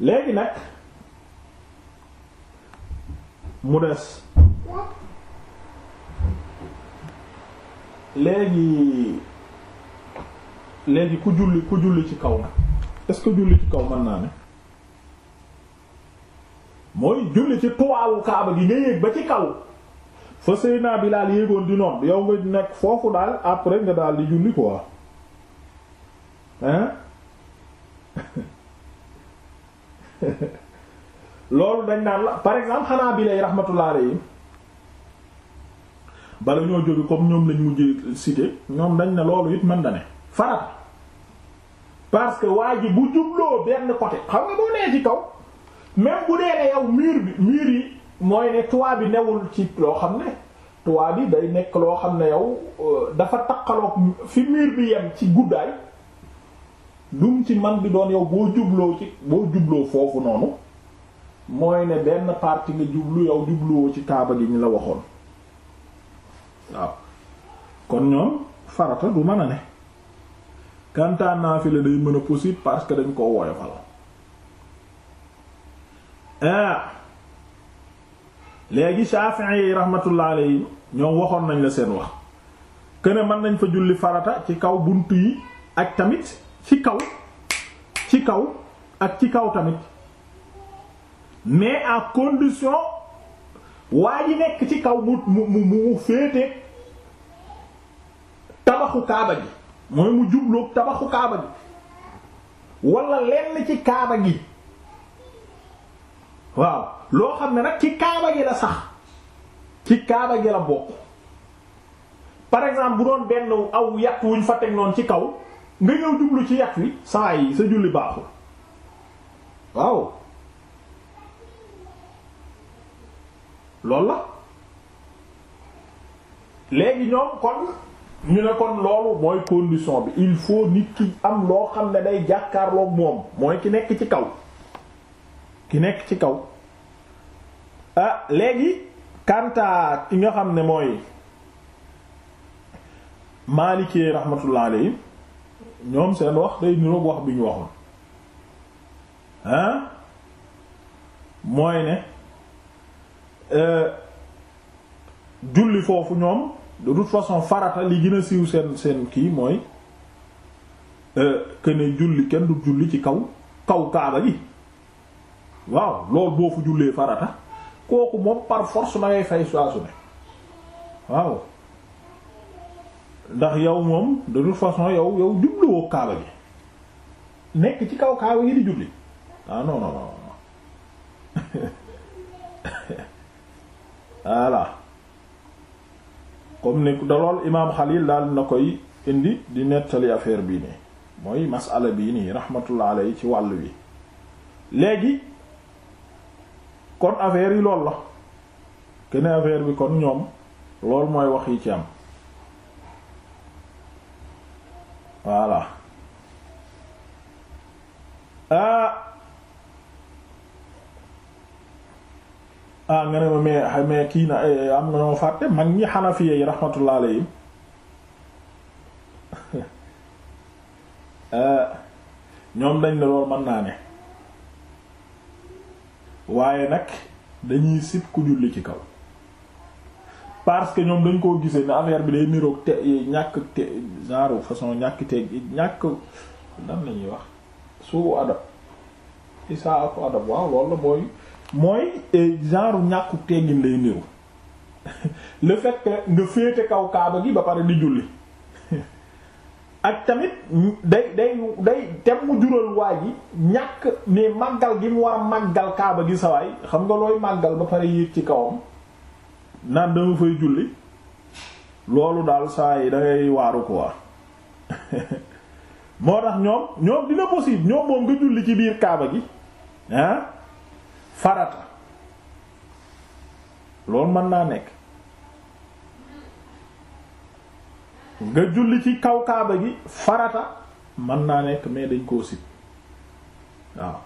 léegi nag mu des léegi léegi ku julli ku julli ci kaw nag est julli ci kaw mën naa ne mooy julli ci tuwaawu kaaba gi nga yéeg ba ci kaw fa Seydina Bilaal yéegoon di nodd yow nga nekk foofu daal après nga daal di julli quoi hein loolu dañ naan la par exemple xanaa bi lay rahmatullah yi bala ñoo jóge comme ñoom lañ mujj cité ñoom dañ ne loolu it mën na ne farat parce que waa ji bu jubloo benn côté xam nga boo nee ci kaw même bu dee ne yow mur bi mur yi mooy ne toit bi newul ci loo xam ne toit bi day nekk loo xam ne yow euh, dafa taqaloog fi mur bi yem ci guddaay dum ci man bi doon yow boo jubloo ci boo jubloo foofu noonu mooy ne benn partie nga jublu yow jubluwoo ci kaaba gi ñu la waxoon waaw kon ñoom farata du mën a ne kantaan naa fi la day mën a possible parce que dañ koo woyofal ah léegi Shafi'i yi rahmatullah yi ñoom waxoon nañ la seen wax que ne mën nañ fa julli farata ci kaw bunt yi ak tamit ci kaw ci kaw ak ci kaw tamit mais en condition waa ji nekk ci kaw mu mu mu mu féete tabaxu kaaba gi mooy mu jubloog tabaxu kaaba gi wala lenn ci kaaba gi waaw loo xam ne nag ci kaaba gi la sax ci kaaba gi la bokk par exemple bu doon benn aw yàq wuñ fa teg ci kaw nga ñëw jublu ci yàq wi saa yi sa julli baaxul waaw loolu la léegi ñoom kon ñu ne kon loolu mooy condition bi il faut nit ki am loo xam ne day jàkkaarloog moom mooy ki nekk ci kaw ki nekk ci kaw ah léegi kanta ki nga xam ne mooy maalikee rahmatullah alayhi ñoom seen wax day niroog wax bi ñu waxoon ah mooy ne euh, julli foofu ñoom de toute façon farata li gën a siiw seen seen kii mooy euh, que ne julli kenn du julli ci kaw kaw kaaba gi waaw loolu boo fu jullee farata kooku moom par force na fay saa ne waaw. ndax yow moom de toute façon yow yow jubluwoo kaaba gi nekk ci kaw kaaba gi di jubli ah non non non voilà comme ni imaam Xalil daal na koy indi di nettali affaire bii nii mooy masala bii nii rahmatullah alayhi ci wàll wi léegi kon affaire yi lool la keneen affaire bi kon ñoom loolu mooy wax yi ci am voilà ah ah nga ne ma mais mais kii na eh, am na ñoo fàtte mag ñi xanafiya yi rahmatullah alayhim eh, ñoom dañ ne loolu mën naa ne waaye nag dañuy sib ku julli ci kaw parce que ñoom dañ koo gisee ne affaire bi day niroog te eh, ñàkk te genre façon ñàkk te ñàkk nan la ñuy wax suu adab isaa ko adab waaw loolu mooy mooy eh, genre ñàkku teggin lay niru le fait que nga féete kaw kaaba gi ba pare di julli ak tamit day day day mu jural waa ji ñàkk ne màggal gi mu war a màggal kaaba gi sawaay xam nga looy màggal ba pare yéeg ci kawam naan dama fay julli loolu daal saa yi da ngay waaru quoi moo tax ñoom ñoom dina possible ñoom moom nga julli ci biir kaaba gi ah farata loolu mën naa nekk nga julli ci kaw kaaba gi farata mën naa nekk mais dañ koo sib waaw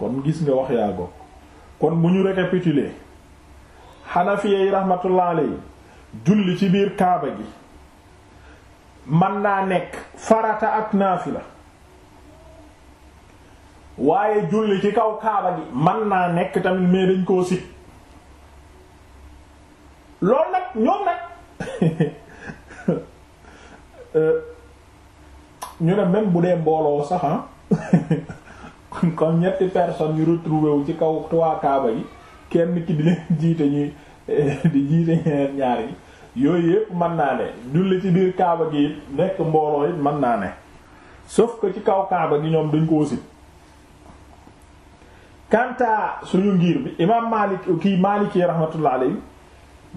kon gis nga wax yaa go kon bu ñu récapituler xanafiya yi rahmatullah alayhi julli ci biir kaaba gi mën naa nekk farata ak naafila waaye julli ci kaw kaaba gi mën naa nekk tamit mais dañ koo sit loolu nag ñoom nag ñu ne même bu dee mbooloo sax ah comme ñetti personnes yu retrouvé wu ci kaw trois kaaba yi kenn ki di leen jiite ñuy di jiite ñeneen ñaar yooyu yëpp mën naa ne julli ci biir kaaba gi nekk mbooloo it mën naa ne sauf que ci kaw kaaba gi ñoom dañ ko wasit kanta suñu ngir bi imaam Maalik kii Maaliki rahmatullah alayhi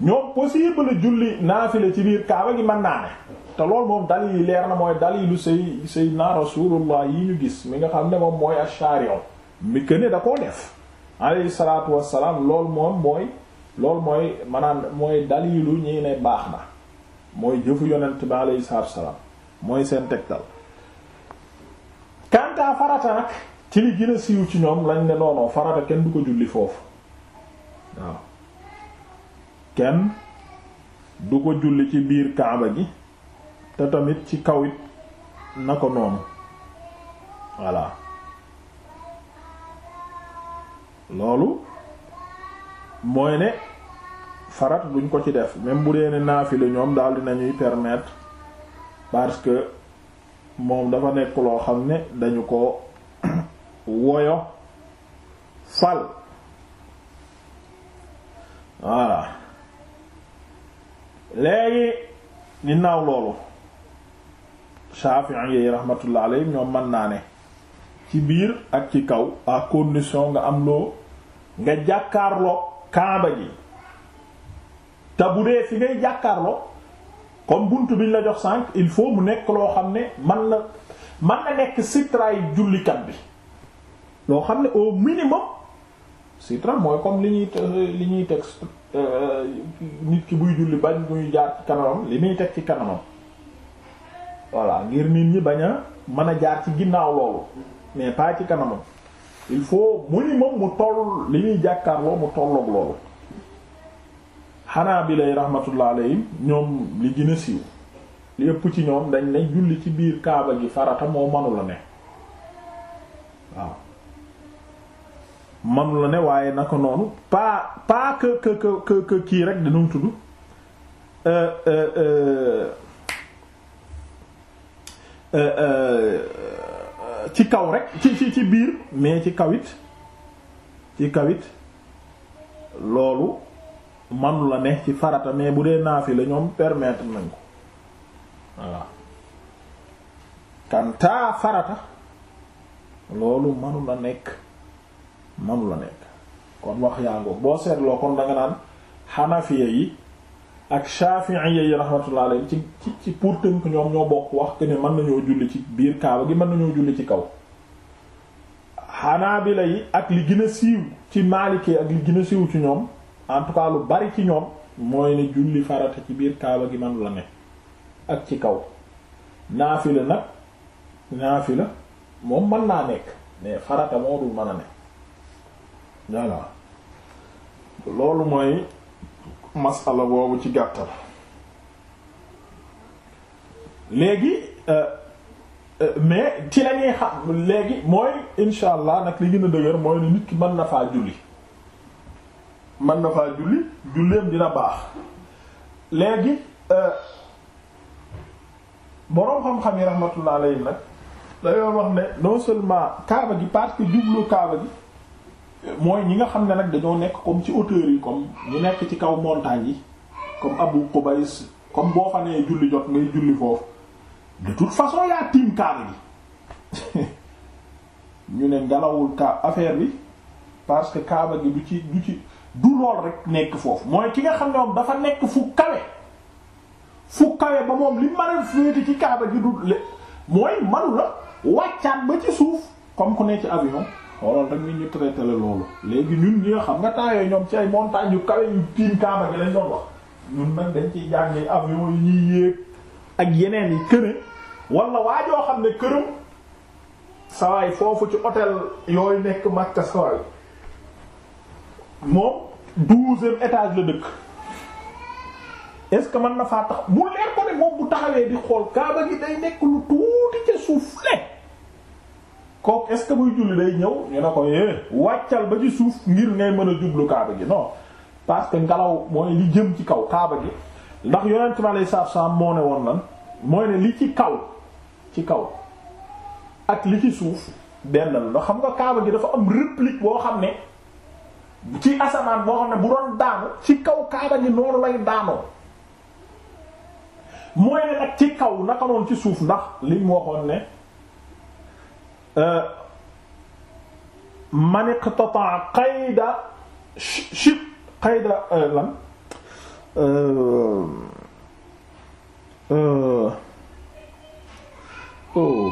ñoom possible julli naafile ci biir kaaba gi mën naa ne te lool moom dalil yi leer na mooy dalilu say sayyidina rasulullah yi ñu gis mi nga xam ne moom mooy ash-shari'u mi ne da koo def alayhi salaatu wassalaam loolu moom mooy loolu mooy maanaam mooy daliilu ñi ne baax na mooy jëfu yonent bi alayhi salaatu wassalaam mooy seen tegtal kantaa farata nag ci li gën siiw ci ñoom lañ ne noonoo farata kenn du ko julli foofu waaw kenn du ko julli ci biir kaaba gi te tamit ci kawit na ko noonu voilà loolu mooy ne farat buñ ko ci def même bu dee ne naafile ñoom daal nañuy permettre parce que moom dafa nekk loo xam ne dañu ko woyo fal voilà léegi ginnaaw loolu Shafi'i yi rahmatullah alayhi ñoom mën naa ne ci biir ak ci kaw à condition nga am loo nga jàkkaarloo kaaba gi te fi ngay jàkkaarloo comme buntu bi ñu la jox sànq il faut mu nekk loo xam ne man na man na nekk sitray jullikat bi loo xam ne au minimum sitra mooy comme li ñuy li ñuy teg euh, nit ki buy julli bañ muy jaar ci kanamam li muy teg ci kanamam voilà ngir nit ñi bañ a mën a jaar ci ginnaaw loolu mais pas ci kanamam il faut minimum mu toll li ñuy jàkkaarloo mu tolloog loolu xanaa bi lay rahmatullah alayhim ñoom li gën a siiw li ëpp ci ñoom dañ ne julli ci biir kaaba gi farata moo manu ne waaw ne waaye naka noonu pas pas que que que que kii rek dañu tudd euh, euh, euh, ci kaw rek ci ci ci biir mais ci kawit ci kawit loolu manu la ne ci farata mais bu dee naafi la ñoom permettre nañ ko voilà kantaa farata loolu manu la nekk manu la nekk kon wax yaa ngoog boo seetloo kon da nga naan xanafiya yi ak Shafi'i yi rahmatullahi alayhi ci ci pour tënk ñoom ñoo bokk wax que ne mën nañoo julli ci biir kaaba gi mën nañoo julli ci kaw Hanabila yi ak li gën a siiw ci Maliki ak li gën a siiw ci ñoom en tout cas lu bari ci ñoom mooy ne julli farata ci biir kaaba gi manu la ne ak ci kaw naafila nag la moom mën naa nekk mais farata moo dul mën a ne loolu mooy masala boobu ci gàttal léegi euh, euh, mais ci xam léegi mooy insha allah nag li gën a dëgër mooy ne nit ki mën na faa julli man na faa julli julleem dina baax léegi euh, boroom xam-xam yi rahmatullah alayhi nag dañoo wax ne non seulement kaaba gi parce que jublu kaaba gi mooy ñi nga xam ne nag dañoo nekk comme ci hauteur yi comme ñu nekk ci kaw montagne yi comme Abu Qubays comme boo fa nee julli jot ngay julli foofu de toute façon yaa tiim kaaba gi ñu ne ngalawul ka affaire bi parce que kaaba gi du ci du ci du lool rek nekk foofu mooy ki nga xam ne moom dafa nekk fu kawe fu kawe ba moom li mën a féete ci kaaba gi du le mooy manu la wàccaat ba ci suuf comme ku ne ci avion xoolal rek ñu traité la loolu léegi ñun ñi xam nga temps ñoom ci ay montagnes yu kawe yu tiim Kaaba gi lañ doon wax ñun nag dañ ciy jàngee avion yi ñuy yéeg ak yeneen yi këne wala waa joo xam ne këram sawaay foofu ci hôtel yooyu nekk Makka sawaay moom douzième étage la dëkk est-ce que mën na faa tax bu leer ko moom bu taxawee di xool Kaaba gi day nekk lu tuuti ca suuf le kooku est-ce que muy julli day ñëw ñu ne ko eh, wàccal ba ci suuf ngir ngay mën a jublu kaaba gi parce que ngelaw mooy li jëm ci kaw kaaba gi ndax yonent mi alayhi salaatu moo ne woon lan mooy ne ci kaw ci kaw ak li ci suuf benn la xam nga kaaba gi dafa am boo xam ne ci asamaan boo xam ne bu doon daanu ci kaw kaaba gi noonu lay daanoo mooy ne nag ci kaw naka noonu ci suuf ndax li mu waxoon ne. Euh, man iqtata qayda shib qayda euh, lan euh, oh,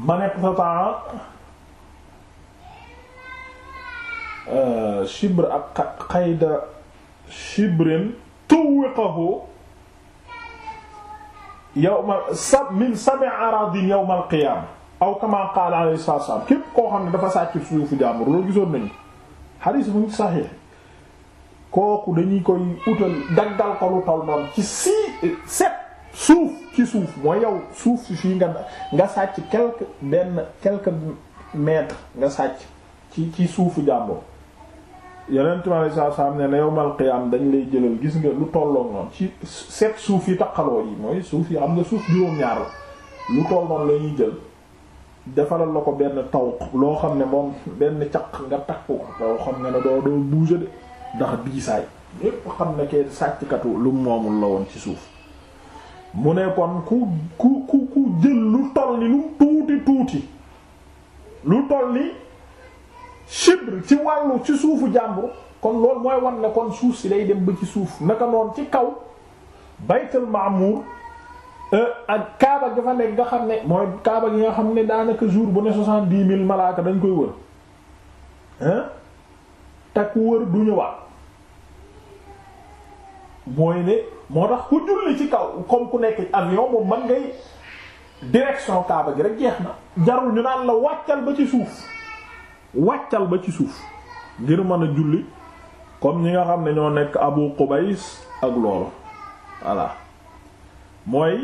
man iqtata shibr ak qayda shibrin tuwiqahu yawma sab min sab'i aradin yawmal qiyaamah aw kama qaala alayhi salaam képp koo xam ne dafa sàcc suufu jàmbur loolu gisoon nañu bu mu saxiix kooku dañuy koy utal daggal ko lu toll ci si set suuf ci suuf mooy yow suuf si fii nga nga sàcc quelque benn quelque nga sàcc ci ci suufu jàmbur yenent mi alei satu salaam ne na yowmal dañ lay jëlal gis nga lu tolloo ci set suuf yi taqaloo yi mooy suuf yi am nga suuf juróom-ñaar la lu toll noonu la ñuy jël defaral la ko benn tawq loo xam ne moom benn caq nga takk ko loo xam ne ne doo doo bouger de ndax diisaay ñépp xam ne kee sàcckatu lu moomul la woon ci suuf mu ne kon ku ku ku ku jël lu toll ni lu tuuti tuuti lu toll ni chibre ci wàllu ci suufu jàmbur kon loolu mooy wan ne kon suuf si day dem ba ci suuf naka noonu ci kaw baytul ma'mur Euh, ak kaaba gi fa nekk nga xam ne mooy kaaba gi nga xam ne daanaka jour bu ne soixante-dix mille malaaka dañ koy wër hein te ku wër du ñëwaat mooy ne moo tax ku julli ci kaw comme ku nekk ak moom man ngay direction kaaba gi rek jeex na jarul ñu naan la wàccal ba ci suuf wàccal ba ci suuf ngir mën a julli comme ñi nga xam ne ñoo nekk Abu Qubays ak loolu voilà mooy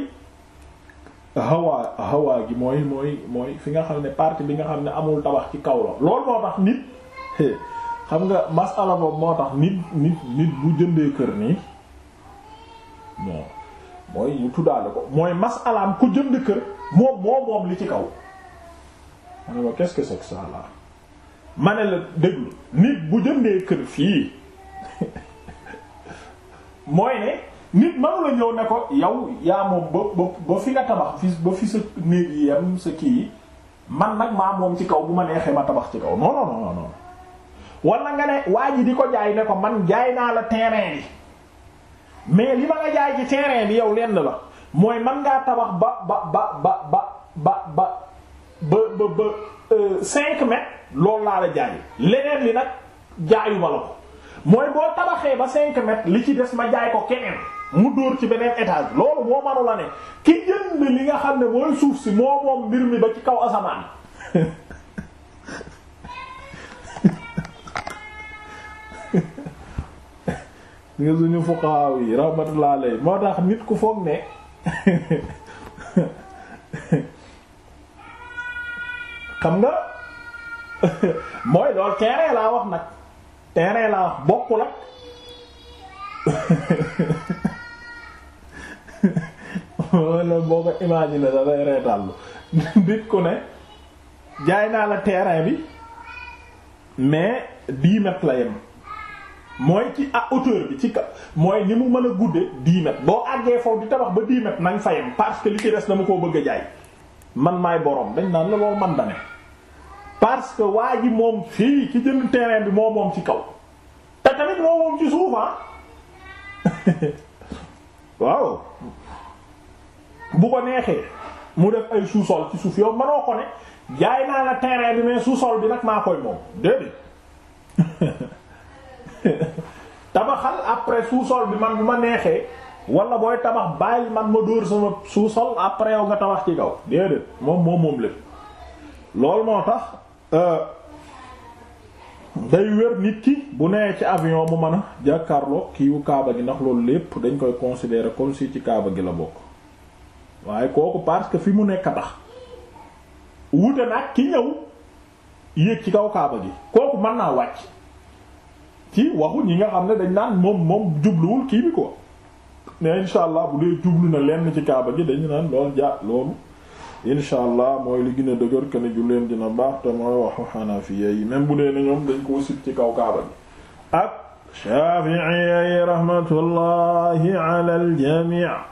hawa hawa gi mooy mooy mooy fi nga xam ne partie bi nga xam ne amul tabax ci kaw la loolu moo tax nit xam nga masala boobu moo tax nit nit bu jëndee kër nii non mooy ñu tuddaale ko mooy masalaam ku jënd kër moom moom moom li ci kaw ma ne ma qu'est-ce que la déglu nit bu jëndee kër fii mooy ne nit manu la ñëw ne ko yow yaa moom ba ba ba fi nga tabax ba fi sa néeg yi yam sa kii yi man nag maa moom ci kaw bu ma neexee ma tabax ci kaw non non nga ne waa ji di ko ne ko man jaay naa la terrain bi mais li ma nga bi yow lenn la mooy man ngaa tabax ba ba ba ba ba ba ba ba ba cinq mètres loolu laa la jaay leneen li nag jaayuma la ko mooy boo tabaxee ba cinq mètres li ci des ma jaay ko keneen. mu dóor ci beneen étage loolu moo manu la ne ki jënd li nga xam ne mooy suuf si moo moom mbir mi ba ci kaw asamaan nga suñu nit ku foog ne xam nga mooy loolu terrain laa wax nag terrain laa wax bokkul ak wala boo ko imaginer sax day reetal nit ku ne jaay naa la terrain bi mais dix mètres la yem mooy ci à hauteur bi ci ka mooy ni mu mën a gudde dix boo àggee foofu di tabax ba dix mètres nañ fa yem parce que li ci des dama koo bëgg a jaay man maay borom dañ naan la loolu man da ne parce que waa ji moom fii ci jënd terrain bi moo moom ci kaw te tamit moo moom ci suuf ah. waaw bu ko neexee mu def ay sous-sol ci suuf yow manoo ko ne jaay naa la terrain bi mais sous-sol bi nag maa koy moom déedéet tabaxal après sous bi man bu ma neexee wala booy tabax bàyyi man ma dóor sama sous-sol après yow nga tabax ci kaw déedéet moom moom moom lépp loolu moo tax euh, day wér nit ki bu nee ci avion bu man a jàkkaarloo kiiwu kaaba gi ndax loolu lépp dañ koy considérer comme si ci kaaba gi la bokk waaye kooku parce que fi mu nekk a tax wuute ki ñëw yéeg ci kaw kaaba gi kooku mën naa wàcc ci waxu ñi nga xam ne dañ naan moom moom jubluwul kii bi ko mais insha allah bu dee jublu na lenn ci kaaba gi dañu naan lool ja loolu insha allah mooy li gën a dëgër que ne julleem dina baax te mooy waxu xanafiya yi même bu dee ne ñoom dañ koo sit ci kaw kaaba gi ak shafi'i yi rahmatullahi ala al